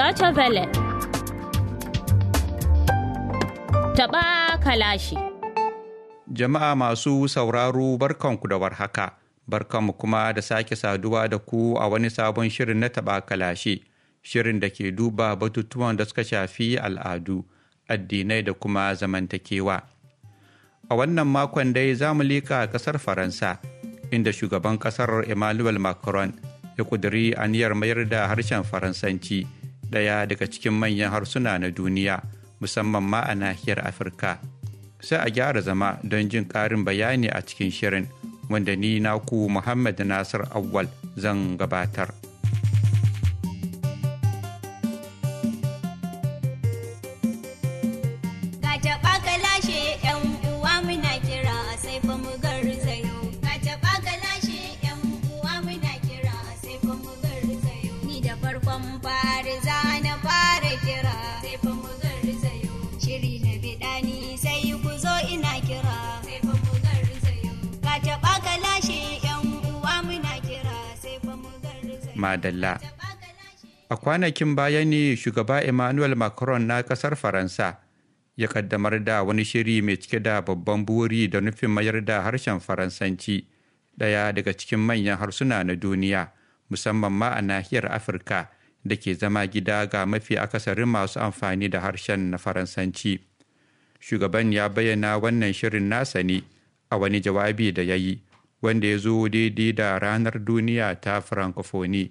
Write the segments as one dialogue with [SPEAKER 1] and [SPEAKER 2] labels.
[SPEAKER 1] Deutsche Welle. Taɓa kalashi. Jama'a masu sauraro barkanku da warhaka, barkanmu kuma da sake saduwa da ku a wani sabon shirin na taɓa kalashi, shirin da ke duba batutuwan da suka shafi al'adu, addinai da kuma zamantakewa. A wannan makon dai za mu liƙa ƙasar Faransa, inda shugaban ƙasar Emmanuel Macron ya ƙudiri aniyar mayar da harshen Faransanci. ɗaya daga cikin manyan harsuna na duniya musamman ma a nahiyar afirka sai a gyara zama don jin ƙarin bayani a cikin shirin wanda ni naku muhammad nasir awwal zan gabatar. madalla a kwanakin baya ne shugaba emmanuel macron na kasar faransa ya kaddamar da wani shiri mai cike da babban buri da nufin mayar da harshen faransanci ɗaya daga cikin manyan harsuna na duniya musamman ma a nahiyar afirka da ke zama gida ga mafi akasarin masu amfani da harshen na faransanci shugaban ya bayyana wannan shirin nasa ne a wani jawabi da ya yi wanda ya zo daidai da ranar duniya ta francophonie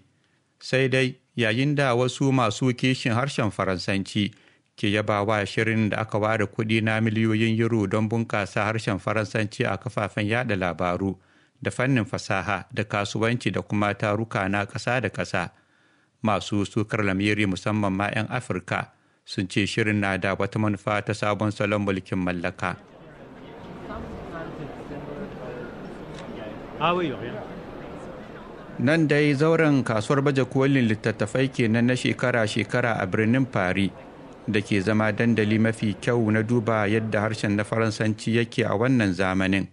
[SPEAKER 1] sai dai yayin da wasu masu kishin harshen faransanci ke yaba wa shirin da aka ware kuɗi na miliyoyin euro don bunƙasa harshen faransanci a kafafen yada labaru da fannin fasaha da kasuwanci da kuma taruka na ƙasa da ƙasa masu sukar lamiri musamman ma 'yan afirka sun ce shirin na da wata manufa ta sabon salon mulkin mallaka. Nan dai zauren kasuwar baje kolin littattafai kenan na shekara-shekara a birnin Paris da ke zama dandali mafi kyau na duba yadda harshen na Faransanci yake a wannan zamanin.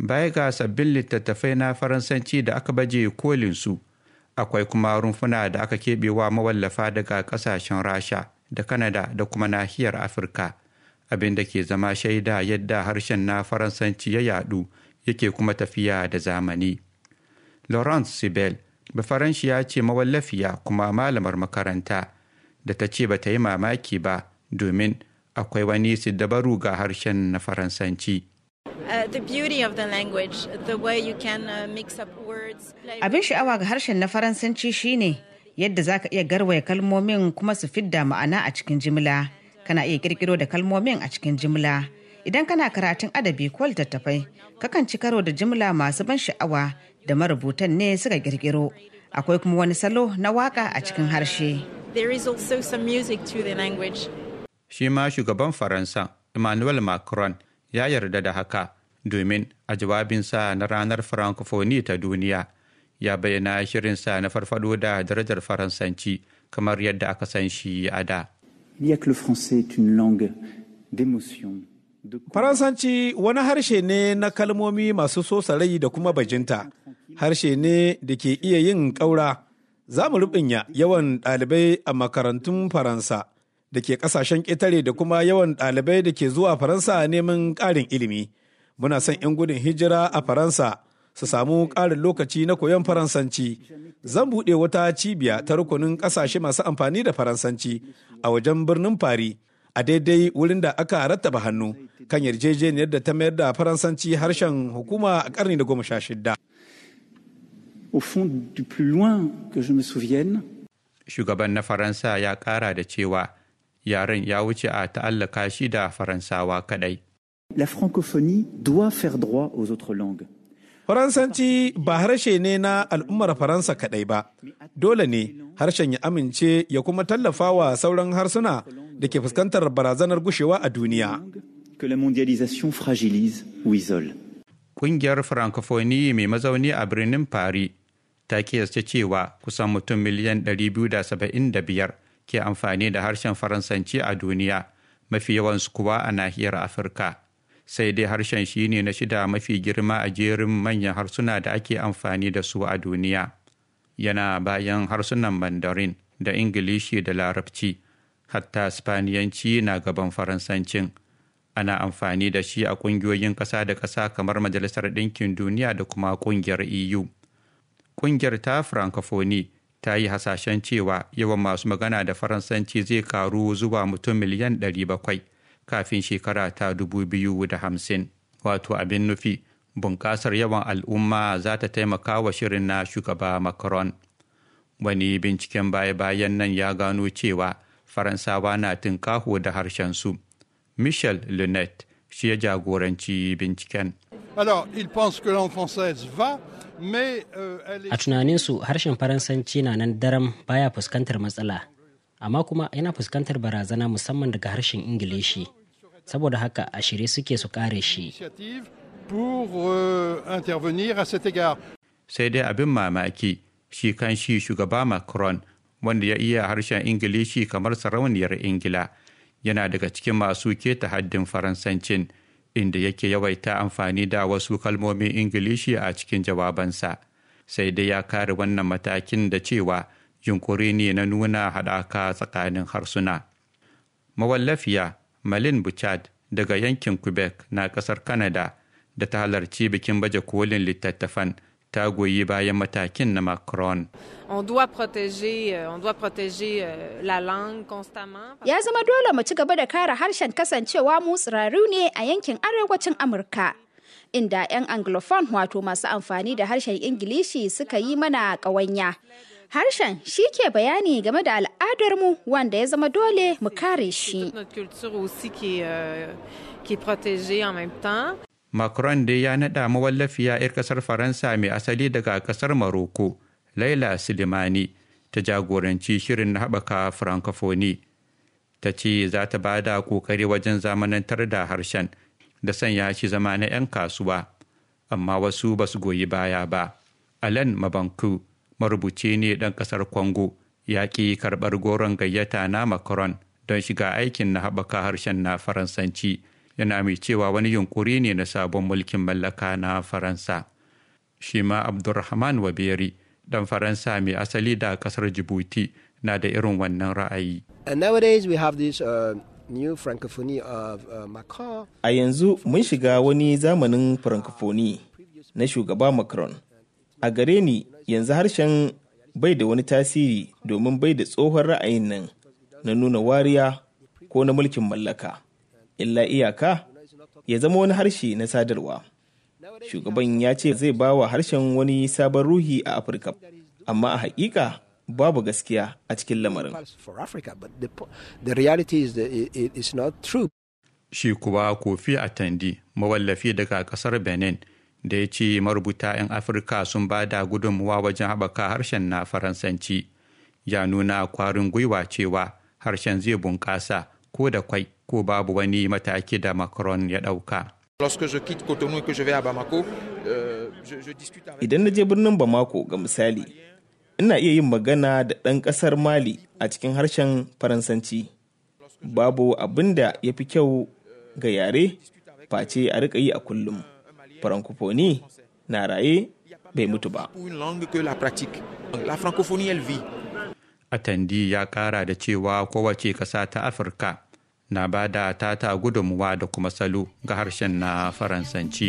[SPEAKER 1] Baya ga sabbin littattafai na Faransanci da aka baje su akwai kuma rumfuna da aka wa mawallafa daga ƙasashen Rasha da Kanada da kuma nahiyar Afirka, abin da ke zama shaida yadda harshen na Faransanci ya yadu. yake kuma tafiya da zamani. Laurence Sibel Bafaranshiya ce mawallafiya kuma malamar makaranta da ta ce ba ta yi mamaki ba domin akwai wani sidabaru ga harshen na Faransanci. Uh, uh, Abin sha'awa ga harshen na Faransanci shine yadda za ka iya garwaya kalmomin kuma su fidda ma'ana a cikin jimla. Kana iya kirkiro da kalmomin a cikin jimla. idan kana karatun adabi ko littattafai kakan ci karo da jimla masu ban sha'awa da marubutan ne suka girgiro akwai kuma wani salo na waka a cikin harshe shi ma shugaban faransa emmanuel macron ya yarda da haka domin a jawabinsa na ranar francophonie ta duniya ya bayyana shirinsa na farfado da darajar faransanci kamar yadda aka san shi a da. Faransanci wani harshe ne na kalmomi masu sosa rai da kuma bajinta, harshe ne da ke iya yin ƙaura. Za mu rubinya yawan ɗalibai a makarantun Faransa da ke ƙasashen ƙetare da kuma yawan ɗalibai da ke zuwa Faransa neman ƙarin ilimi. Muna son 'yan gudun hijira a Faransa su samu ƙarin lokaci na koyon Faransanci. Zan buɗe wata cibiya ta rukunin ƙasashe masu amfani da Faransanci a wajen birnin Fari. a daidai wurin da aka rattaba hannu kan yarjejeniyar da ta mayar da faransanci harshen hukuma a karni da goma sha shida. Shugaban na Faransa ya kara da cewa yaren ya wuce a ta'allaka shi da Faransawa kadai. La francophonie doit faire droit aux autres langues. Faransanci ba harshe ne na al'ummar Faransa kaɗai ba, dole ne harshen ya amince ya kuma tallafa wa sauran harsuna da ke fuskantar barazanar gushewa a duniya. Ƙungiyar Francophonie mai mazauni a birnin Paris ta kiyasta cewa kusan mutum miliyan 275 ke amfani da harshen Faransanci a duniya, mafi yawansu kuwa a nahiyar Afirka. Sai dai harshen shi ne na shida mafi girma a jerin manyan harsuna da ake amfani da su a duniya. Yana bayan harsunan Mandarin da Ingilishi da Larabci. hatta Spaniyanci na gaban Faransancin. Ana amfani da shi a ƙungiyoyin ƙasa da ƙasa kamar Majalisar Ɗinkin Duniya da kuma ƙungiyar EU. Ƙungiyar ta Francophonie ta yi hasashen cewa yawan masu magana da Faransanci zai karu zuwa mutum miliyan 700 kafin shekara ta 2050. Wato abin nufi, bunƙasar yawan al'umma za ta taimaka wa shirin na shugaba Macron. Wani binciken baya-bayan nan ya gano cewa faransawa na tinkaho da harshen su michel lunet shi ya jagoranci binciken euh, a tunaninsu harshen faransanci na nan daram baya fuskantar matsala amma kuma yana fuskantar barazana musamman daga harshen ingilishi saboda haka a shirye suke su kare shi euh, sai dai abin mamaki shi kan shi shugaba macron wanda ya iya harshen ingilishi kamar sarauniyar ingila yana daga cikin masu keta haddin faransancin inda yake yawaita amfani da wasu kalmomin ingilishi a cikin jawabansa sai dai ya kare wannan matakin da cewa yunkuri ne na nuna haɗaka tsakanin harsuna mawallafiya malin buchad daga yankin quebec na ƙasar canada da ta halarci bikin baje kolin littattafan ta goyi bayan matakin na Macron. Euh, euh, ya zama dole mu ci gaba da kare harshen kasancewa mu tsirarru ne a yankin arewacin Amurka. Inda 'yan Anglophone wato masu amfani da harshen Ingilishi suka yi mana ƙawanya. Harshen shi ke bayani game da al'adarmu wanda ya zama dole mu kare shi. macron dai ya naɗa mawallafiya 'yar ƙasar faransa mai asali daga ƙasar maroko laila silimani ta jagoranci shirin na haɓaka francophonie ta ce za ta ba da ƙoƙari wajen zamanantar da harshen da sanya shi zama na 'yan kasuwa amma wasu ba su goyi baya ba alan mabanku marubuci ne ɗan ƙasar congo ya ƙi karɓar goron gayyata na macron don shiga aikin na haɓaka harshen na faransanci yana mai cewa wani yunkuri ne na sabon mulkin mallaka na faransa shi ma abdulrahman waberi dan faransa mai asali da kasar jibuti na da irin wannan ra'ayi uh, uh, a yanzu mun shiga wani zamanin francophonie na shugaba macron a gare ni yanzu harshen bai da wani tasiri domin bai da tsohon ra'ayin nan na nuna wariya ko na mulkin mallaka illa iyaka ya zama wani harshe na sadarwa shugaban ya ce zai ba wa harshen wani sabon ruhi a afirka amma a hakika babu gaskiya a cikin lamarin shi kuwa kofi a tandi mawallafi daga kasar benin da ya ce marubuta 'yan afirka sun ba da gudunmuwa wajen haɓaka harshen na faransanci ya nuna kwarin gwiwa cewa harshen zai bunƙasa ko da kwai ko babu wani mataki da macron ya ɗauka euh, idan na je birnin bamako ga misali ina iya yin magana da ɗan ƙasar mali a cikin harshen faransanci babu abin da ya fi kyau ga yare face a riƙa yi a kullum francophonie na raye bai mutu ba atandi ya kara da cewa kowace ƙasa ta afirka na ba da tata gudunmuwa da kuma salo ga harshen na faransanci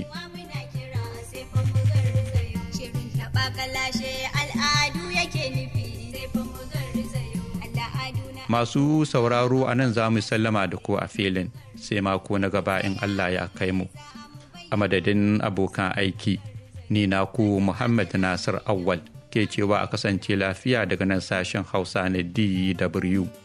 [SPEAKER 1] masu sauraro a nan za mu sallama da ko a filin sai mako na gaba in allah ya kai mu a madadin abokan aiki ni na ku muhammad nasir awal ke cewa a kasance lafiya daga nan sashen hausa na dw